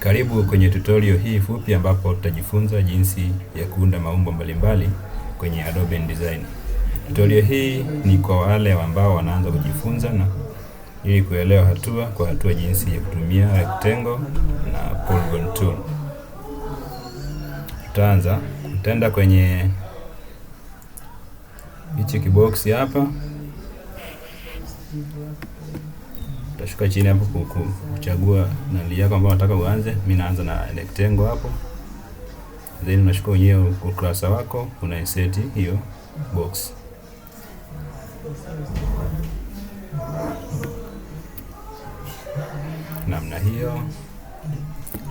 Karibu kwenye tutorial hii fupi ambapo tutajifunza jinsi ya kuunda maumbo mbalimbali kwenye Adobe InDesign. Tutorial hii ni kwa wale ambao wanaanza kujifunza na ili kuelewa hatua kwa hatua jinsi ya kutumia rectangle na polygon tool. Tutaanza kutenda kwenye hichi kiboksi hapa utashuka chini hapo kuchagua nali yako ambayo unataka uanze. Mimi naanza na rectangle hapo, then unashuka wenyewe ukurasa wako, una insert hiyo box namna hiyo.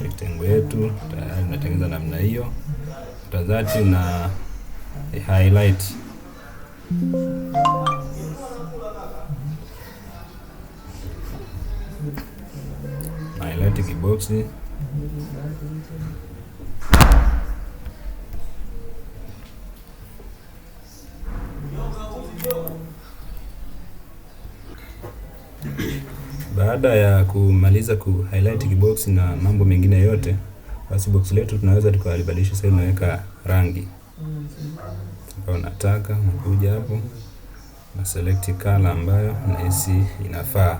Rectangle yetu tayari natengeneza namna hiyo, utazati na highlight kiboksi Baada ya kumaliza ku highlight kibox na mambo mengine yote, basi box letu tunaweza tukalibadilisha. Sasa unaweka rangi ambayo unataka, unakuja hapo na select color ambayo unahisi inafaa.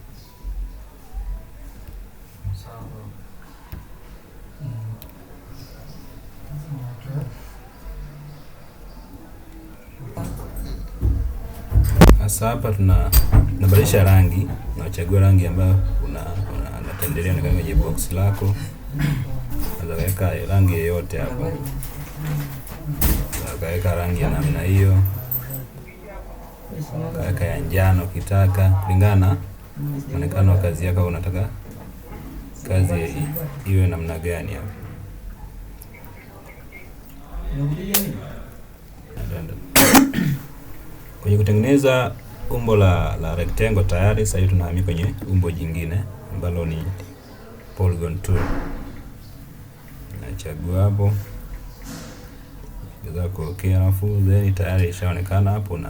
Sasa hapa tuna tunabadilisha rangi, unachagua rangi ambayo una unatendelea na kwenye box lako. Unaweza kuweka rangi yoyote hapa Unaweza kuweka rangi ya namna hiyo. Kaweka ya njano kitaka kulingana muonekano wa kazi yako, unataka kazi iwe namna gani hapa. Kwenye kutengeneza umbo la, la rectangle tayari sasa hivi tunahamia kwenye umbo jingine ambalo ni polygon 2. Nachagua hapo kiza kuokea, alafu then tayari ishaonekana hapo na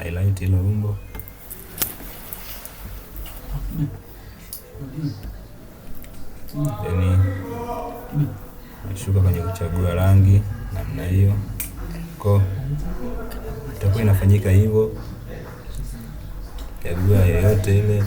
highlight ilo umbo then nashuka kwenye kuchagua rangi namna hiyo ko itakuwa inafanyika hivyo ya dua yoyote ile.